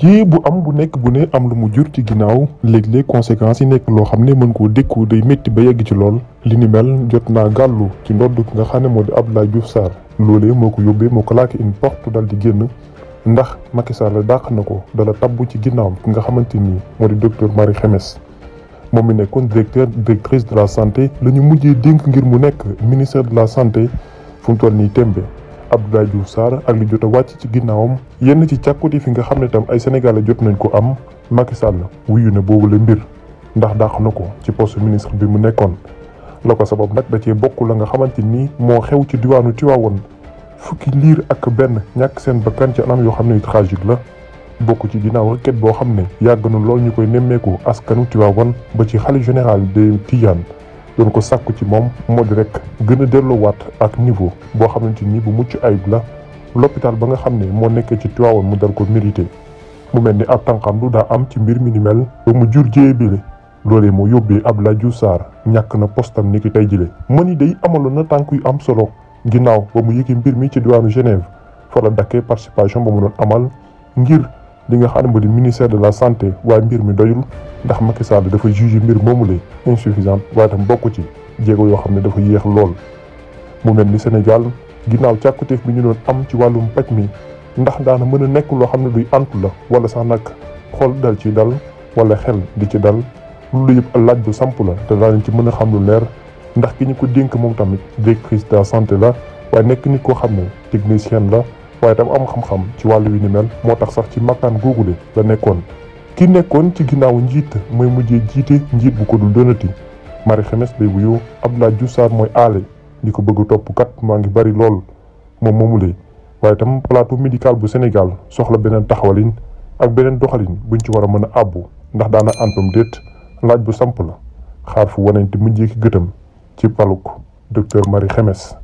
ci bu am bu nekk bu ne am lu mu jur ci ginnaaw léegi léeg conséquence yi nekk loo xam ne mën koo dékku day métti ba yegg ci lool li nu mel jot naa gàllu ci ndodd ki nga xam ne moo di ab Abdoulaye Diouf Sarr loolee moo ko yóbbee moo ko laaki une porte dal di génn ndax Macky Sall dàq na ko dala tabbu ci ginnaawam ki nga xamante ni moo di docteur Marie Khemesse moom mi nekkoon directeur directrice de la santé la ñu mujjee dénk ngir mu nekk ministère de la santé fu mu toll nii tembe Abdoulaye Diouf saar ak li jot wàcc ci ginnaawam yenn ci càkkuti fi nga xam ne tam ay sénégalais jot nañ ko am Macky Sall wuyu na boobu la mbir ndax dàq na ko ci poste ministre bi mu nekkoon la ko sabab nag da cee bokk la nga xamante nii moo xew ci diwaanu Tiwaawoon fukki liir ak benn ñàkk seen bakkan ci anam yoo xam ne tragique la bokk ci ginnaaw requête boo xam ne yàgg na lool ñu koy nemmeeku askanu Tiwaawoon ba ci xali général de Tidiane doon ko sàkku ci moom moo di rekk gën a delloowaat ak niveau boo xamante ni bu mucc ayib la l'hôpital ba nga xam ne moo nekkee ci Tivaouane mu dal ko mérité mu mel ni ab tànqam lu daa am ci mbir mi ni mel ba mu jur jéye bile loolee moo yóbbee Abdoulaye Diouf Sarr ñàkk na postam ni ki tey jile mën yi day amaloon na tànk yu am solo ginnaaw ba mu yëgee mbir mi ci diwaanu Genève fa la dakkee participation ba mu doon amal ngir li nga xam ne moo di ministère de la santé waaye mbir mi doyul ndax Macky Sall dafa jugé mbir moomule insuffisant waaye tam bokk ci jéego yoo xam ne dafa yéex lool. mu mel ni Sénégal ginnaaw càkkutéef bi ñu doon am ci wàllum paj mi ndax daana mën a nekk loo xam ne luy antu la wala sax nag xool dal ci dal wala xel di ci dal lu yëpp laaj bu samp la te daanañ ci mën a xam lu leer ndax ki ñu ko dénk moom tamit directrice de la santé la waaye nekk nit koo xam ne technicien la. waye tam am xam-xam ci walu wi ni mel motax sax ci makan google la nekkon ki nekkon ci ginaaw njiit moy mujjé jité njiit bu ko dul donati mari Xemes lay wuyoo Abdoulaye Diouf Sarr mooy aale bëgg top kat ma ngi bari lool mom momulé waye tam plateau médical bu Sénégal soxla benen taxawalin ak benen doxalin buñ ci wara mëna abbu ndax daana antum det laaj bu sample xaar fu mujjé ki gëtam ci paluk docteur mari Xemes